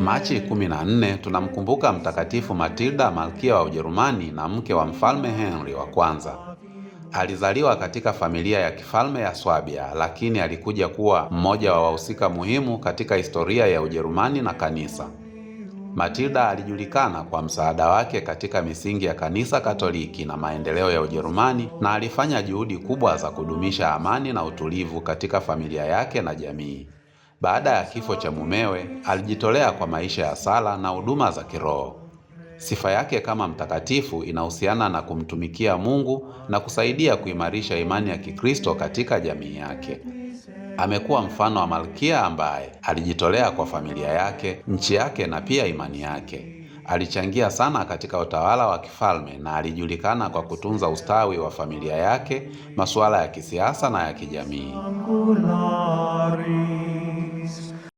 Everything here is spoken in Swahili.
Machi 14 tunamkumbuka Mtakatifu Matilda malkia wa Ujerumani na mke wa mfalme Henry wa kwanza. Alizaliwa katika familia ya kifalme ya Swabia, lakini alikuja kuwa mmoja wa wahusika muhimu katika historia ya Ujerumani na kanisa. Matilda alijulikana kwa msaada wake katika misingi ya kanisa Katoliki na maendeleo ya Ujerumani na alifanya juhudi kubwa za kudumisha amani na utulivu katika familia yake na jamii. Baada ya kifo cha mumewe, alijitolea kwa maisha ya sala na huduma za kiroho. Sifa yake kama mtakatifu inahusiana na kumtumikia Mungu na kusaidia kuimarisha imani ya Kikristo katika jamii yake. Amekuwa mfano wa malkia ambaye alijitolea kwa familia yake, nchi yake na pia imani yake. Alichangia sana katika utawala wa kifalme na alijulikana kwa kutunza ustawi wa familia yake, masuala ya kisiasa na ya kijamii.